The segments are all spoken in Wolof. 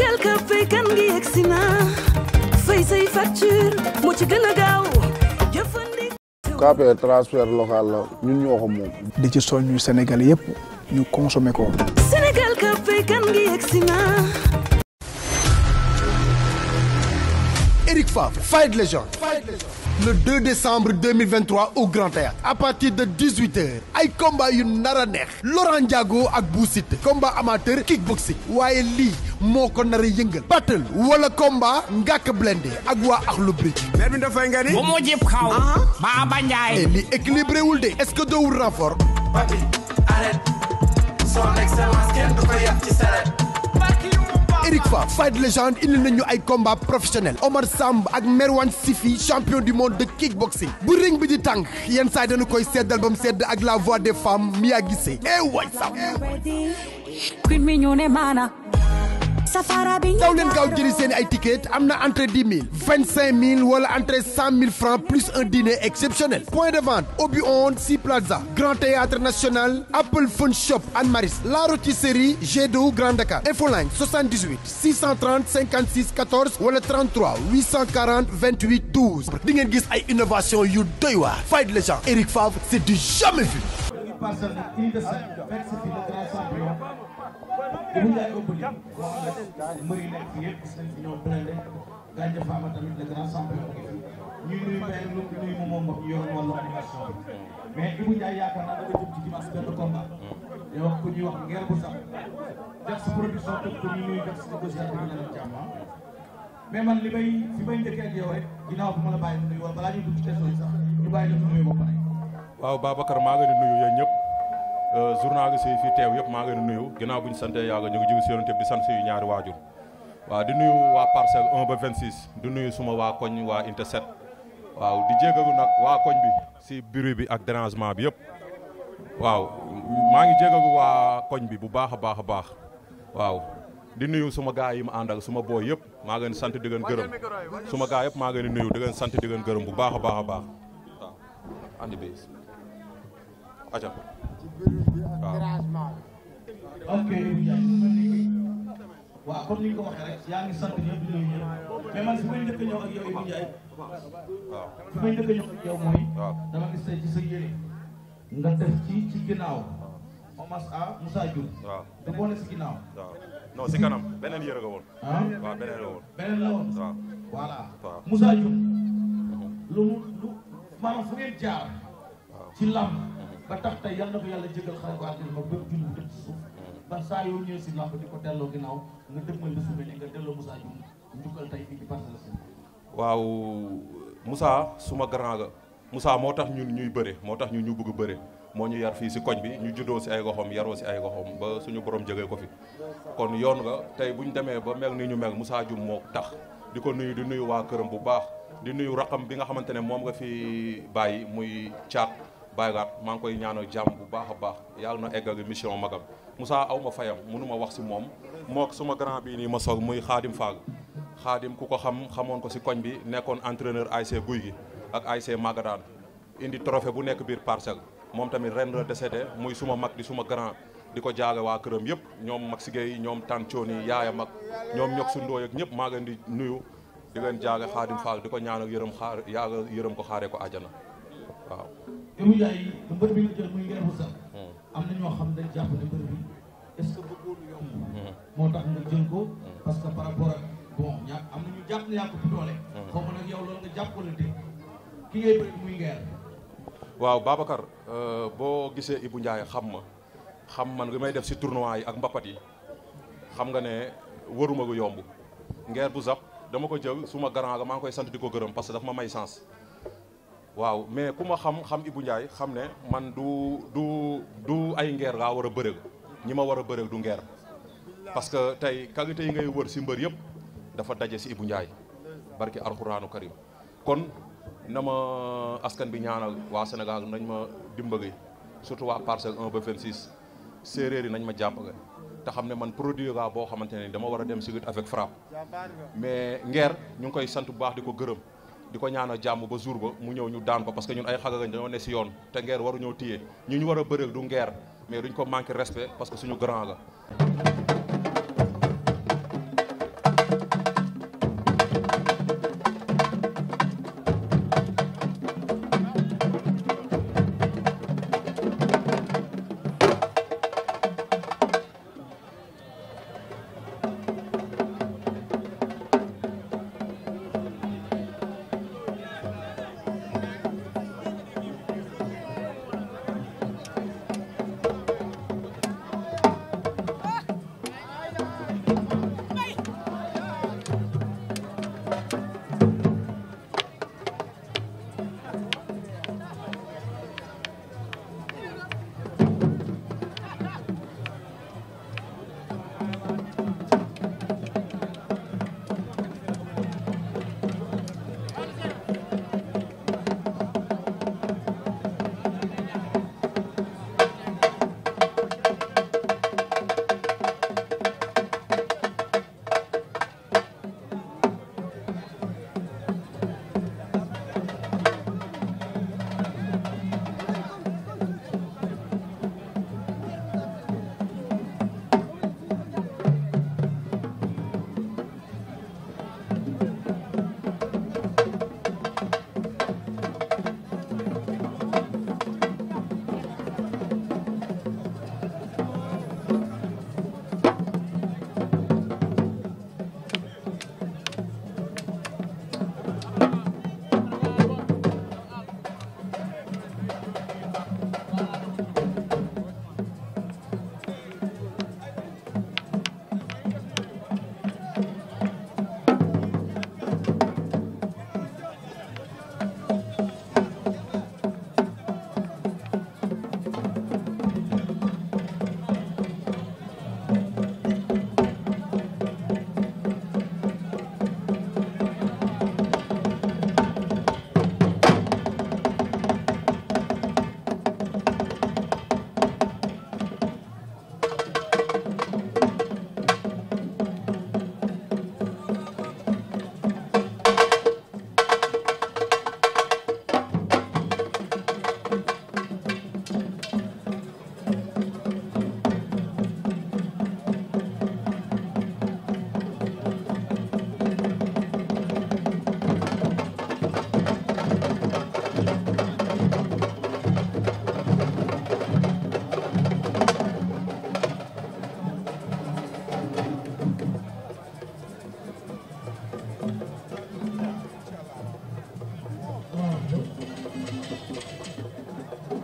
Sénégal ka fay kan ngi yegsi na say facture moo ci gën a gaaw jëfandikoo transfert local la ñun ñoo ko di ci soññu Sénégal yëpp ñu consommer ko Sénégal ka fay kan ngi yegsi le 2 décembre 2023 au Grand Théâtre à partir de 18h ay combat yu nar neex Laurent Ndiago ak Boussite combat amateur kickboxing waaye lii moo ko nar a yëngal wala combat ngàkk blindé ak waa Akhlou Bridge bi dafay nga ni bu mu jib xaw Baba Ndiaye eh, li équilibré de est-ce que doowul renfort son excellence kenn du ko yàq ci saret Eric Fa fight légende indi nañu ay combat professionnel Omar Samb ak Merwan Sifi champion du monde de kickboxing bu ring bi di tànk yenn saa dañu koy seddal ba mu sedd ak la voix des femmes Mia Guissé eh waay Samb daw leen gaaw seen ay ticket am na entrée 10 000 25 000 wala entrée 100 000 francs plus un dîner exceptionnel point de vente Obion Sea Plaza Grand Théâtre National Apple Phone Shop Anne Maris La Rôtisserie G2 Grand Dakar Infoline wala 33 840 28 di ngeen gis ay innovation yu doy waar fayda les gens li mu jaay ëpp li mbëri nekk fi yëpp gis li wax ku ñuy may li may njëkkee ak yow rek ginnaaw ma la bàyyi nuyu wala balaa ñuy dugg ci question yi sax ñu bàyyi la nuyu ba pare. waaw Babacar maa ngi leen di nuyu yéen ñëpp. Euh, journaliste yi fi teew yëpp maa ngi leen nuyu ginnaaw bu ñu sante yàlla ñu ngi jóg si yonent bi sant suñu ñaari waajur waaw di nuyu waa parcelle 1 ba 26 di nuyu suma waa koñ waa inte waaw di jégalu nag waa koñ bi si bruit bi ak dérangement bi yëpp waaw maa ngi jégalu waa koñ bi bu baax a baax a baax waaw di nuyu suma gaa yi ma ak suma booy yëpp maa ngi leen sant di leen gërëm suma gaa yëpp maa ngi leen nuyu di leen sant di leen gërëm bu baax a baax a baax waaw andi ok waaw comme ni nga ko waxee rek yaa ngi sant ñëpp di nuyu ñëpp mais man fi may njëkk ñëw ak yow Ibou Ndiaye fi may njëkk ñëw ak yow mooy dama gis ci sa yére nga def ci ginnaaw Omas A Moussa Diouf waaw si ginnaaw waaw si kanam beneen yére nga woon ah? waaw beneen la woon beneen la fu ngeen jaar ci lamb ba tax tey waaw Moussa suma grand ga Moussa moo tax ñun ñuy bëre moo tax ñu ñu bugg bëre moo ñu yar fii si koñ bi ñu juddoo si ay goxom yaroo si ay goxom ba suñu borom jege ko fi kon yoon nga tey bu ñu demee ba mel ni ñu mel Moussa Dioum moo tax di ko nuyu di nuyu waa këram bu baax di nuyu raqam bi nga xamante ne moom nga fi bàyyi muy caat Baye Rat maa ngi koy ñaanal jàmm bu baax a baax yàlla na eggali mission magam Moussa aw ma fayam mënu ma wax si moom mook suma grand bii nii ma sol muy Xaadim Fall Xaadim ku ko xam xamoon ko si koñ bi nekkoon entraîneur ASC Guy gi ak ASC Magadaan indi trophée bu nekk biir parcelle moom tamit ren la décédé muy suma mag di suma grand di ko jaale waa këram yëpp ñoom Maxi Gueye ñoom Tantioni yaayam ak ñoom ñok suñ dooy ak ñëpp maa ngi di nuyu di leen jaale Xaadim Fall di ko ñaanal yërëm xaar yàlla yërëm ko xaaree ko àjjana jëmu yaay yi lu mbër bi nga jël muy ngeer bu sax hmm. am na ñoo xam dañ jàpp ne mbër bi est-ce que bëggoon yomb hmm. moo tax nga jël ko hmm. parce que par rapport ak bon ñaa am na ñu jàpp ne yaa nga ki ngay bëri euh, xam ma xam man may def si tournoi yi ak mbapat yi xam nga ne waruma gu yomb ngeer bu zap dama ko jël suma garant ga maa ngi koy sant di ko gërëm parce que daf ma may sens waaw mais ku ma xam xam ibu Ndiaye xam ne man du du du ay ngeer laa war a bërëg ñi ma war a bërëg du ngeer parce que tey qualité yi ngay wër si mbër yëpp dafa daje si Ibou Ndiaye barki alxuraanu karim kon na ma askan bi ñaanal waa Sénégal nañ ma dimbali surtout waa parcelle 1 ba 26 séeréer yi nañ ma jàmb jàppale te xam ne man produit laa boo xamante ne dama war a dem si lutte avec frappe mais ngeer ñu ngi koy sant bu baax di ko gërëm di ko ñaanal jàmm ba jour ba mu ñëw ñu daan ko parce que ñun ay xagagañ dañoo ne si yoon te ngeer waruñoo téye ñu ñu war a bëréeg du ngeer mais duñ ko manqué respect parce que suñu grand la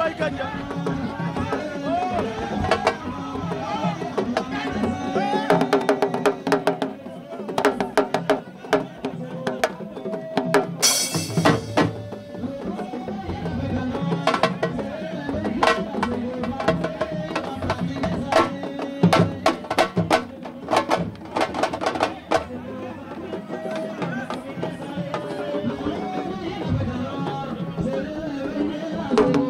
waay Gandia Thank you.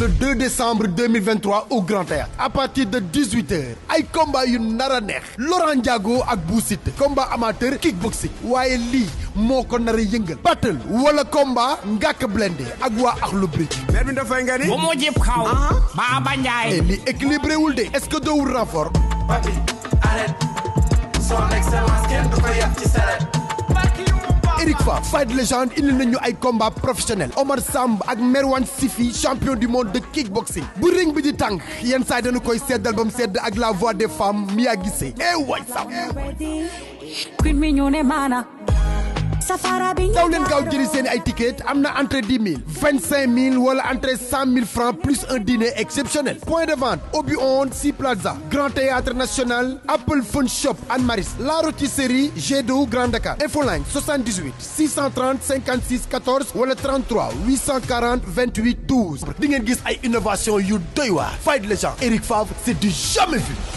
le 2 décembre 2023 au Grand Théâtre à partir de 18h ay combat yu nar neex Laurent Ndiago ak Bou Siteu combat amateur kickboxing waaye lii moo ko nar a yëngal wala combat ngàkk blende ak waa Akhlou Brick mer bi dafay nga ni bu mu jib xaw Baba Ndiaye eh, li équilibré de est-ce que doowul renfort papi arrête du ko yàq ci saret Eric Fa fight légende indi nañu ay combat professionnel Omar Samb ak Merwan Sifi champion du monde de kickboxing bu ring bi di tàng yenn saa dañu koy seddal ba mu sedd ak la voix des femmes Mia Guissé eh safara bi daw seen ay ticket na entre dix mille vingt cinq mille wala entre cent mille francs plus un dîner exceptionnel point de vente Obion Si Plaza Grand Théâtre National Apple Phone Shop Anne Maris La Rôtisserie G2 Grand Dakar Infoline 78 630 56 14 wala 33 840 28 12 di gis ay innovation yu doy waar fayda les gens Eric Favre c'est